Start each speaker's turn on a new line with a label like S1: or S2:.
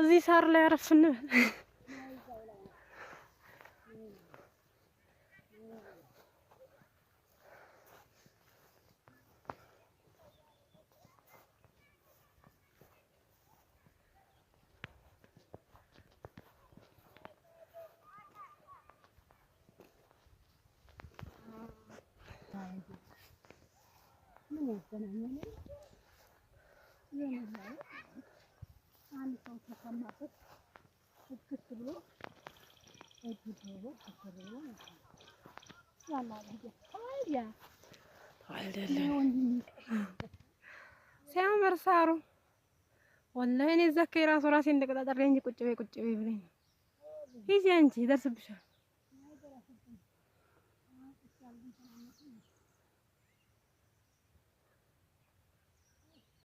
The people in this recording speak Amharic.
S1: እዚህ ሳር ላይ አረፍ እንበል።
S2: ምን ሲከፈት እግት ብሎ
S1: ሲያምር ሳሩ ወላሂ እኔ እዛ ከይ እራሱ ራሴን እንጂ ቁጭ በይ ቁጭ በይ ብለኝ ነው። አንቺ ይደርስብሻል።